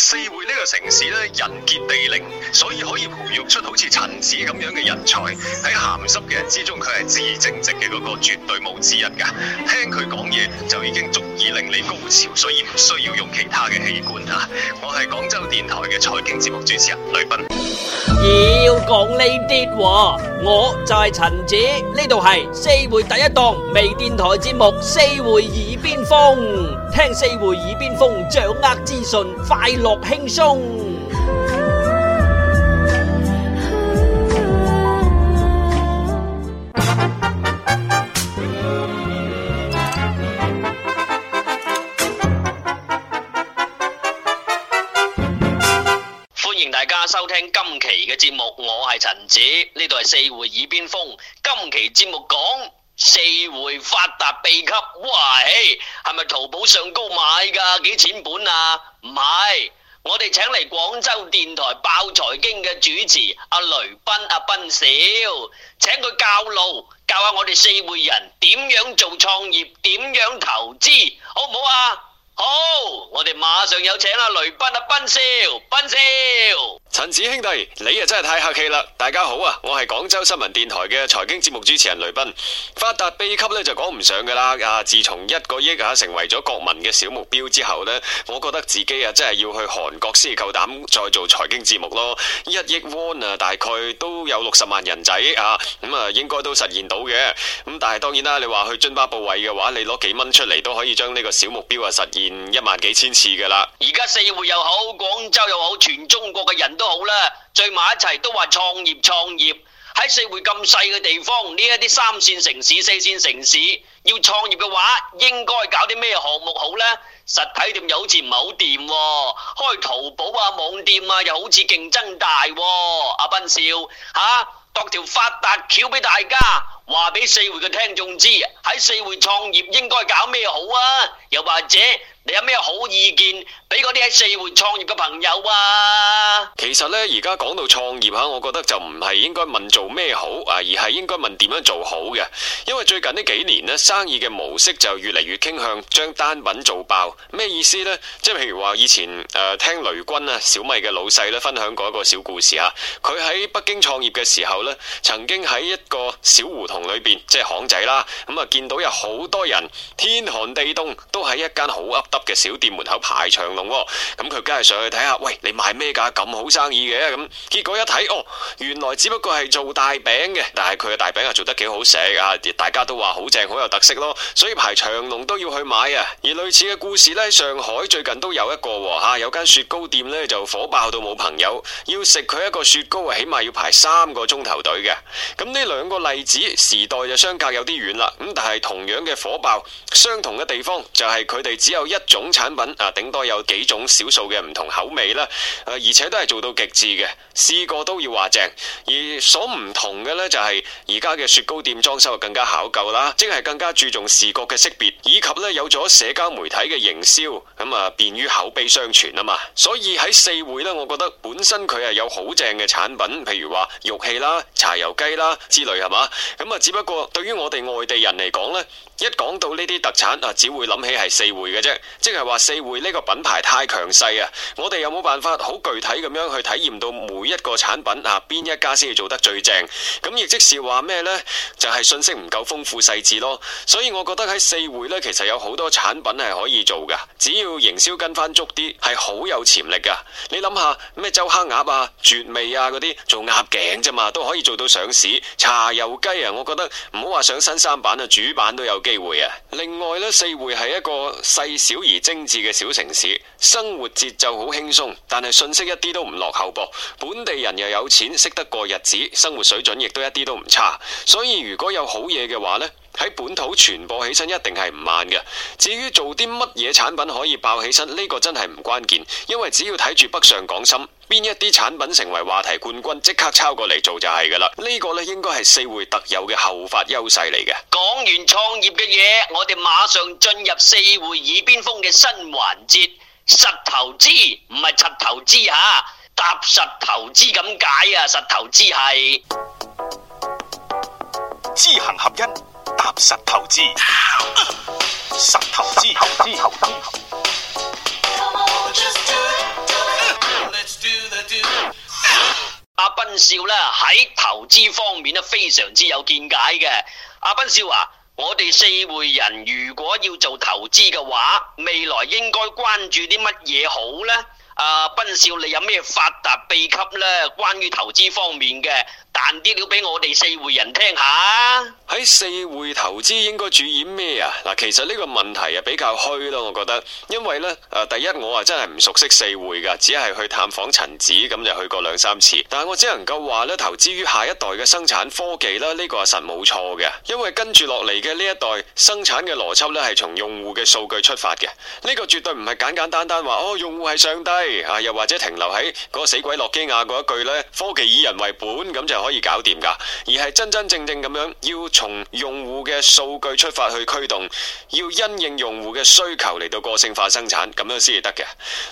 四會呢個城市呢，人傑地靈，所以可以培育出好似陳子咁樣嘅人才。喺鹹濕嘅人之中，佢係至正直嘅嗰個，絕對冇之一噶。聽佢講嘢就已經足以令你高潮，所以唔需要用其他嘅器官啊！我係廣州電台嘅財經節目主持人雷斌。要講呢啲，我就係陳子。呢度係四會第一檔微電台節目《四會耳邊風》，聽四會耳邊風，掌握資訊，快樂，樂輕鬆，歡迎大家收聽今期嘅節目，我係陳子，呢度係四會耳邊風。今期節目講四會發達秘笈，喂，係咪淘寶上高買㗎？幾錢本啊？唔係。我哋請嚟廣州電台爆財經嘅主持阿、啊、雷斌、阿斌少，請佢教路，教下我哋四會人點樣做創業、點樣投資，好唔好啊？好，我哋馬上有請啊雷斌啊斌少，斌少，陳子兄弟，你啊真係太客氣啦！大家好啊，我係廣州新聞電台嘅財經節目主持人雷斌。發達秘笈咧就講唔上噶啦，啊自從一個億啊成為咗國民嘅小目標之後呢，我覺得自己啊真係要去韓國先至夠膽再做財經節目咯。一億 won 啊，大概都有六十萬人仔啊，咁、嗯、啊應該都實現到嘅。咁、嗯、但係當然啦、啊，你話去津巴布韋嘅話，你攞幾蚊出嚟都可以將呢個小目標啊實現。一萬幾千次噶啦，而家四會又好，廣州又好，全中國嘅人都好啦，聚埋一齊都話創業創業。喺四會咁細嘅地方，呢一啲三線城市、四線城市要創業嘅話，應該搞啲咩項目好呢？實體、哦啊、店又好似唔係好掂，開淘寶啊網店啊又好似競爭大、哦。阿、啊、斌少吓，度、啊、條發達橋俾大家，話俾四會嘅聽眾知，喺四會創業應該搞咩好啊？又或者？你有咩好意見俾嗰啲喺四會創業嘅朋友啊？其實呢，而家講到創業吓，我覺得就唔係應該問做咩好啊，而係應該問點樣做好嘅。因為最近呢幾年呢，生意嘅模式就越嚟越傾向將單品做爆。咩意思呢？即係譬如話以前誒、呃，聽雷軍啊，小米嘅老細咧，分享過一個小故事啊，佢喺北京創業嘅時候呢，曾經喺一個小胡同裏邊，即係巷仔啦，咁啊見到有好多人，天寒地凍都喺一間好噏。嘅小店門口排長龍，哦，咁佢梗係上去睇下，喂，你賣咩噶咁好生意嘅咁，嗯？結果一睇哦，原來只不過係做大餅嘅，但係佢嘅大餅又做得幾好食啊！大家都話好正，好有特色咯，所以排長龍都要去買啊。而類似嘅故事呢，上海最近都有一個吓，啊，有間雪糕店呢，就火爆到冇朋友，要食佢一個雪糕啊，起碼要排三個鐘頭隊嘅。咁呢兩個例子時代就相隔有啲遠啦，咁但係同樣嘅火爆，相同嘅地方就係佢哋只有一。一種產品啊，頂多有幾種少數嘅唔同口味啦、啊，而且都係做到極致嘅，試過都要話正。而所唔同嘅呢，就係而家嘅雪糕店裝修更加考究啦、啊，即係更加注重視覺嘅識別，以及呢有咗社交媒體嘅營銷，咁啊便於口碑相傳啊嘛。所以喺四會呢，我覺得本身佢係有好正嘅產品，譬如話玉器啦、啊、茶油雞啦、啊、之類係嘛，咁啊只不過對於我哋外地人嚟講呢。一講到呢啲特產啊，只會諗起係四會嘅啫，即係話四會呢個品牌太強勢啊，我哋有冇辦法好具體咁樣去體驗到每一個產品啊？邊一家先至做得最正？咁亦即是話咩呢？就係、是、信息唔夠豐富細致咯。所以我覺得喺四會呢，其實有好多產品係可以做噶，只要營銷跟翻足啲，係好有潛力噶。你諗下咩周黑鴨啊、絕味啊嗰啲做鴨頸啫嘛，都可以做到上市。茶油雞啊，我覺得唔好話上新三板啊，主板都有。機會啊！另外咧，四會係一個細小而精緻嘅小城市，生活節奏好輕鬆，但係信息，一啲都唔落後噃。本地人又有錢，識得過日子，生活水準亦都一啲都唔差。所以如果有好嘢嘅話咧，喺本土傳播起身一定係唔慢嘅。至於做啲乜嘢產品可以爆起身，呢個真係唔關鍵，因為只要睇住北上廣深，邊一啲產品成為話題冠軍，即刻抄過嚟做就係噶啦，這個、呢個咧應該係四會特有嘅後發優勢嚟嘅。講完創業嘅嘢，我哋馬上進入四會耳邊風嘅新環節，實投資唔係七投資吓、啊，踏實投資咁解啊！實投資係知行合一，踏實投資，啊、實投資。斌少咧，喺投資方面咧非常之有見解嘅。阿斌少啊，我哋四會人如果要做投資嘅話，未來應該關注啲乜嘢好咧？阿、啊、斌少，你有咩發達秘笈咧？關於投資方面嘅？彈啲料俾我哋四會人聽下，喺四會投資應該注意咩啊？嗱，其實呢個問題啊比較虛咯，我覺得，因為呢，誒，第一我啊真係唔熟悉四會噶，只係去探訪陳子咁就去過兩三次，但係我只能夠話呢，投資於下一代嘅生產科技啦，呢個係實冇錯嘅，因為跟住落嚟嘅呢一代生產嘅邏輯呢，係從用戶嘅數據出發嘅，呢個絕對唔係簡簡單單話哦，用戶係上帝啊，又或者停留喺嗰個死鬼諾基亞嗰一句呢，科技以人為本咁就可以搞掂㗎，而係真真正正咁樣要從用戶嘅數據出發去驅動，要因應用戶嘅需求嚟到個性化生產，咁樣先至得嘅。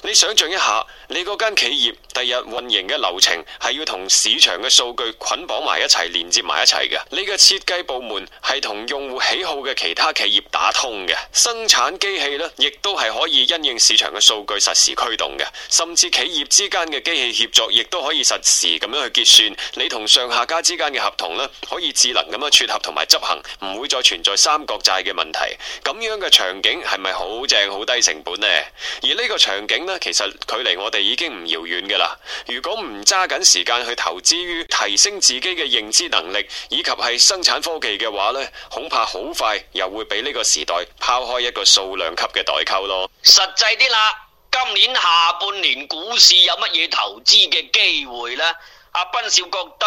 你想象一下，你嗰間企業第日運營嘅流程係要同市場嘅數據捆綁埋一齊，連接埋一齊嘅。你嘅設計部門係同用戶喜好嘅其他企業打通嘅，生產機器咧亦都係可以因應市場嘅數據實時驅動嘅，甚至企業之間嘅機器協作亦都可以實時咁樣去結算。你同上下家之間嘅合同咧，可以智能咁樣撮合同埋執行，唔會再存在三角債嘅問題。咁樣嘅場景係咪好正、好低成本呢？而呢個場景呢，其實距離我哋已經唔遙遠嘅啦。如果唔揸緊時間去投資於提升自己嘅認知能力，以及係生產科技嘅話呢，恐怕好快又會俾呢個時代拋開一個數量級嘅代溝咯。實際啲啦，今年下半年股市有乜嘢投資嘅機會呢？阿斌少覺得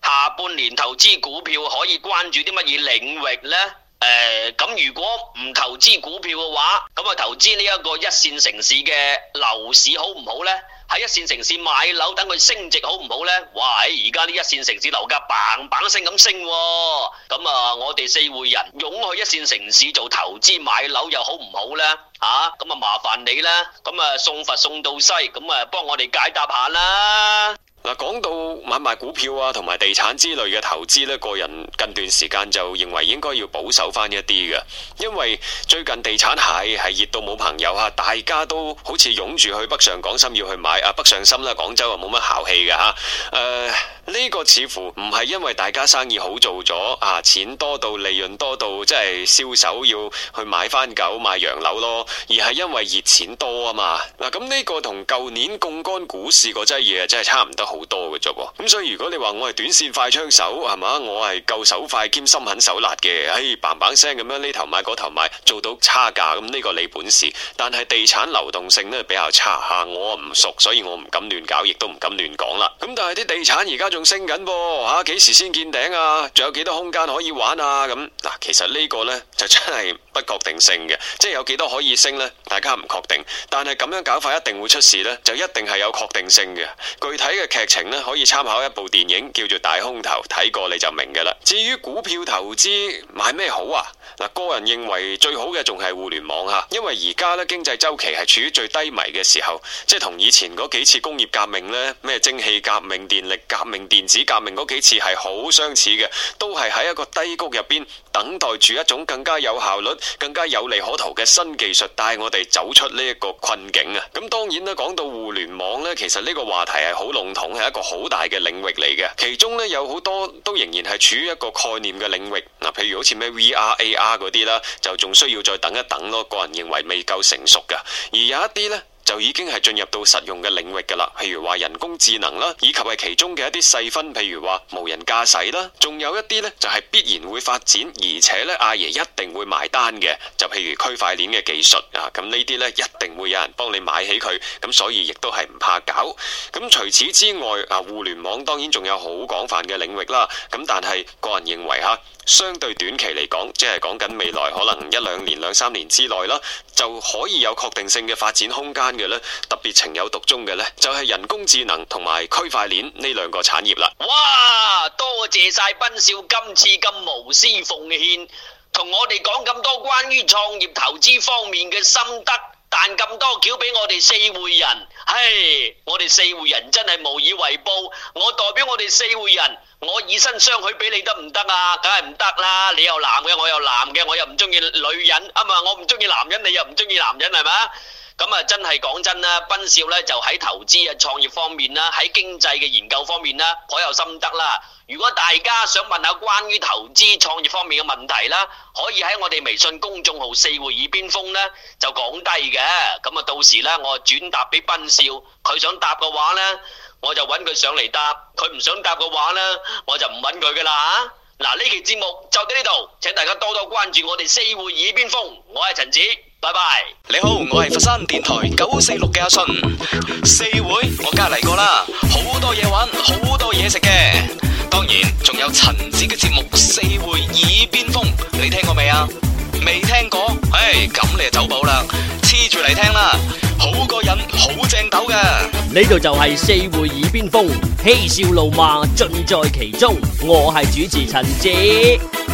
下半年投資股票可以關注啲乜嘢領域呢？誒、呃，咁如果唔投資股票嘅話，咁啊投資呢一個一線城市嘅樓市好唔好呢？喺一線城市買樓等佢升值好唔好咧？哇！而家呢一線城市樓價棒棒棒升咁升，啊，咁啊我哋四會人湧去一線城市做投資買樓又好唔好呢？啊，咁啊麻煩你啦，咁啊送佛送到西，咁啊幫我哋解答下啦。嗱，講到買賣股票啊，同埋地產之類嘅投資咧，個人近段時間就認為應該要保守翻一啲嘅，因為最近地產係係熱到冇朋友吓，大家都好似湧住去北上廣深要去買啊，北上深啦，廣州又冇乜姣氣嘅吓，誒、啊、呢、這個似乎唔係因為大家生意好做咗啊，錢多到利潤多到即係銷售要去買翻狗買洋樓咯，而係因為熱錢多啊嘛，嗱，咁呢個同舊年槓桿股市嗰陣嘢真係差唔多。好多嘅啫，咁所以如果你話我係短線快槍手，係嘛？我係夠手快兼心狠手辣嘅，唉、哎，棒棒聲咁樣呢頭買嗰頭買，做到差價咁，呢個你本事。但係地產流動性呢比較差吓，我唔熟，所以我唔敢亂搞，亦都唔敢亂講啦。咁但係啲地產而家仲升緊噃，吓、啊、幾時先見頂啊？仲有幾多空間可以玩啊？咁嗱，其實呢個呢，就真係。不確定性嘅，即係有幾多可以升呢？大家唔確定。但係咁樣搞法一定會出事呢，就一定係有確定性嘅。具體嘅劇情呢，可以參考一部電影叫做《大空頭》，睇過你就明㗎啦。至於股票投資，買咩好啊？嗱，個人認為最好嘅仲係互聯網嚇，因為而家咧經濟周期係處於最低迷嘅時候，即係同以前嗰幾次工業革命咧，咩蒸汽革命、電力革命、電子革命嗰幾次係好相似嘅，都係喺一個低谷入邊等待住一種更加有效率、更加有利可圖嘅新技術帶我哋走出呢一個困境啊！咁當然啦，講到互聯網咧，其實呢個話題係好籠統，係一個好大嘅領域嚟嘅，其中咧有好多都仍然係處於一個概念嘅領域，嗱，譬如好似咩 VR、AI 嗰啲啦，就仲需要再等一等咯。個人認為未夠成熟噶，而有一啲呢，就已經係進入到實用嘅領域噶啦。譬如話人工智能啦，以及係其中嘅一啲細分，譬如話無人駕駛啦，仲有一啲呢，就係必然會發展，而且呢，阿爺一定會埋單嘅。就譬如區塊鏈嘅技術啊，咁呢啲呢，一定會有人幫你買起佢，咁所以亦都係唔怕搞。咁除此之外，啊，互聯網當然仲有好廣泛嘅領域啦。咁但係個人認為吓。相對短期嚟講，即係講緊未來可能一兩年、兩三年之內啦，就可以有確定性嘅發展空間嘅咧。特別情有獨鍾嘅呢，就係人工智能同埋區塊鏈呢兩個產業啦。哇！多謝晒賓少今次咁無私奉獻，同我哋講咁多關於創業投資方面嘅心得。但咁多繳俾我哋四會人，唉，我哋四會人真係無以為報。我代表我哋四會人，我以身相許俾你得唔得啊？梗係唔得啦！你又男嘅，我又男嘅，我又唔中意女人，啊嘛，我唔中意男人，你又唔中意男人，係咪？咁啊，真係講真啦，斌少咧就喺投資啊、創業方面啦，喺經濟嘅研究方面啦，頗有心得啦。如果大家想問下關於投資創業方面嘅問題啦，可以喺我哋微信公眾號《四會耳邊風》咧就講低嘅。咁啊，到時咧我轉達俾斌少，佢想答嘅話咧，我就揾佢上嚟答；佢唔想答嘅話咧，我就唔揾佢噶啦。嗱，呢期節目就到呢度，請大家多多關注我哋《四會耳邊風》，我係陳子。拜拜！你好，我係佛山電台九四六嘅阿信。四會我梗家嚟過啦，好多嘢玩，好多嘢食嘅。當然仲有陳子嘅節目《四會耳邊風》，你聽過未啊？未聽過？唉，咁你就走寶啦，黐住嚟聽啦，好過癮，好正斗嘅。呢度就係《四會耳邊風》，嬉笑怒罵盡在其中。我係主持陳子。